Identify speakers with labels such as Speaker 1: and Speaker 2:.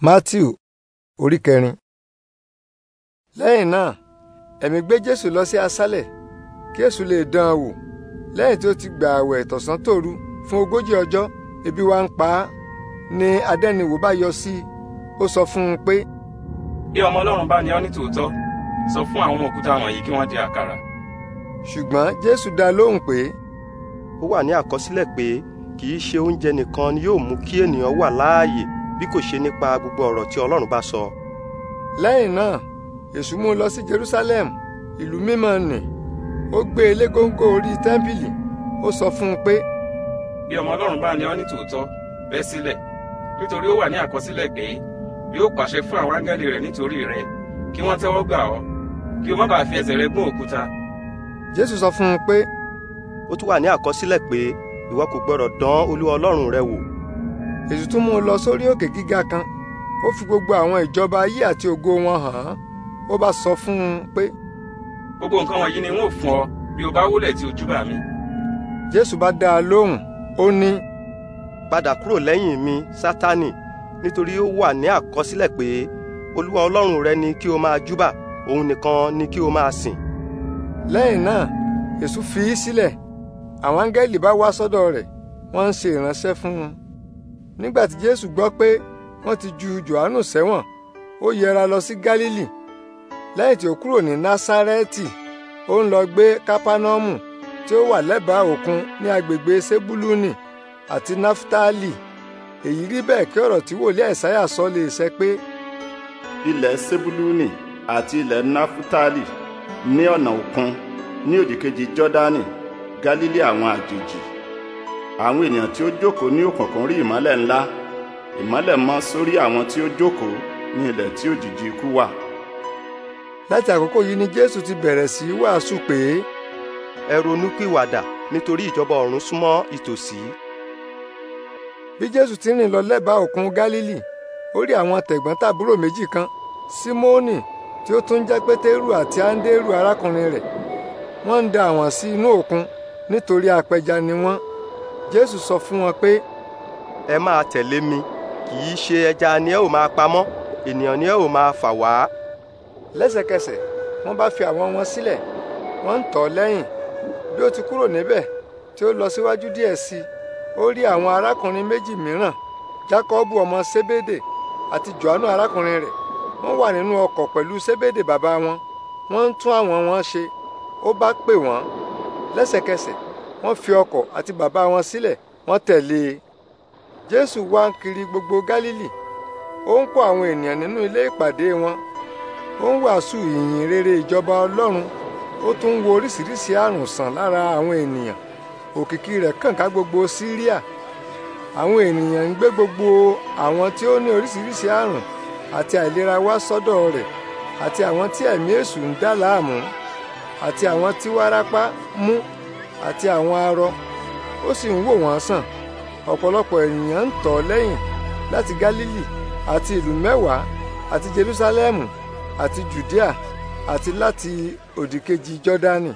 Speaker 1: Matthew orí kẹrin. Lẹ́yìn náà, ẹ̀mí gbé Jésù lọ sí aṣálẹ̀ kí Èṣù lè dán an wò. Lẹ́yìn tí ó ti gba àwẹ̀ tọ̀sán tòru fún ogójì ọjọ́, ebi wá ń pa á. Ni adẹ́niwò bá yọ sí i, ó sọ fún un pé. Bí ọmọ Ọlọ́run bá ní ọ́ ní tòótọ́, sọ fún àwọn òkúta wọ̀nyí kí wọ́n di àkàrà. Ṣùgbọ́n Jésù dá lóhùn pé. Ó wà ní àkọsílẹ̀ pé kì í ṣe oúnjẹ nìkan ni yóò mú kí ènìyàn wà láàyè bí kò ṣe nípa gbogbo ọ̀rọ̀ tí Ọlọ́run bá sọ. lẹ́yìn náà èṣù mú un lọ sí Jerusalem ìlú mímọ́ nì ó gbé e lé góńgó orí tẹ́ḿpìlì ó sọ fún un pé. bí ọmọ Ọlọ́run bá ní ọ ní tòótọ́ bẹ́ sílẹ̀ nítorí ó wà ní àkọsílẹ̀ pé yóò pàṣẹ fún àwọn áńgẹ́lì rẹ̀ nítorí rẹ̀ kí wọ́n tẹ́wọ́ gbà ọ́ kí o má bàa fi ẹsẹ̀ rẹ gún òkúta. Jésù sọ fún un pé. ó tún wà ní àkọsílẹ̀ pé ìwọ kò gbọ́dọ̀ dán Olúwa Ọlọ́run rẹ wò èṣù tún mú un lọ sórí òkè gíga kan ó fi gbogbo àwọn ìjọba ayé àti ògo wọn hàn án ó bá sọ fún un pé. gbogbo nǹkan wọ̀nyí ni n ó fún ọ bí o bá wólẹ̀ tí ojúbà mi. jésù bá dá a lóhùn ó ní. padà kúrò lẹ́yìn mi sátánì nítorí ó wà ní àkọsílẹ̀ pé olúwa ọlọ́run rẹ ni kí o máa júbà òun nìkan ni kí o máa sìn. lẹ́yìn náà èṣù fi í sílẹ̀ àwọn áńgẹ́lì bá wá sọ́dọ̀ rẹ̀ wọ́n ń ṣe ìránṣẹ́ fún un nígbà tí jésù gbọ́ pé wọ́n ti ju johanu sẹ́wọ̀n ó yẹra lọ sí galili lẹ́yìn tí ó kúrò ní násárẹ́tì ó ń lọ gbé kápánọ́mù tí ó wà lẹ́bàá òkun ní agbègbè sebuluni àti naftali èyí rí bẹ́ẹ̀ kí ọ̀rọ̀ tí wòlíì àìsáyà sọ lè ṣẹ pé. ilẹ̀ sebuluni àti ilẹ̀ naftali ní ọ̀nà òkun ní òdìkejì jọ́dánì galili àwọn àjèjì àwọn ènìyàn tí ó jókòó ní òkùnkùn rí ìmọ́lẹ̀ ńlá ìmọ́lẹ̀ mọ́ sórí àwọn tí ó jókòó ní ilẹ̀ tí òjìji ikú wà. láti àkókò yìí ni jésù ti bẹ̀rẹ̀ sí í wàásù pé ẹ ronúpìwàdà nítorí ìjọba ọ̀run súnmọ́ ìtòsí. bí jésù ti rìn lọ lẹ́bàá òkun gálílì ó rí àwọn tẹ̀gbọ́n-tàbúrò méjì kan símónì tí ó tún jẹ́ pétérù àti áńdérù arákùnrin rẹ̀ wọ́n ń da àwọn sí inú òkun nítorí apẹja ni wọ́n jésù sọ fún wọn pé ẹ máa tẹ̀lé mi kì í ṣe ẹja ni ẹ ò máa pamọ́ ènìyàn ni ẹ ò máa fà wá. lẹ́sẹ̀kẹsẹ̀ wọ́n bá fi àwọn wọn sílẹ̀ wọ́n ń tọ̀ ọ́ lẹ́yìn bí ó ti kúrò níbẹ̀ tí ó lọ síwájú díẹ̀ sí i ó rí àwọn arákùnrin méjì mìíràn jákọ́bù ọmọ sébédè àti johannu arákùnrin rẹ̀ wọ́n wà nínú ọkọ̀ pẹ̀lú sébédè bàbá wọn wọ́n ń tún àwọn wọn ṣe ó bá pè wọ́n lẹ́sẹ̀kẹsẹ̀ wọ́n fi ọkọ̀ àti bàbá wọn sílẹ̀ wọ́n tẹ̀lé e. Jésù wá ń kiri gbogbo Gálílì ó ń kọ́ àwọn ènìyàn nínú ilé ìpàdé wọn ó ń wàásù ìyìn rere ìjọba Ọlọ́run ó tún ń wo oríṣiríṣi àrùn sàn lára àwọn ènìyàn òkìkí rẹ̀ kàn ká gbogbo Síríà àwọn ènìyàn ń gbé gbogbo àwọn tí ó ní oríṣiríṣi àrùn àti àìlera wá sọ́dọ̀ rẹ̀ àti àwọn tí ẹ̀mí èṣù ń dá láàmú àti àwọn tí wárápá mú àti àwọn arọ ó sì ń wò wọ́n sàn ọ̀pọ̀lọpọ̀ ènìyàn ń tọ̀ lẹ́yìn láti Gálílì àti ìlú mẹ́wàá àti Jerúsálẹ́mù àti Jùdíà àti láti òdìkejì Jọ́dánì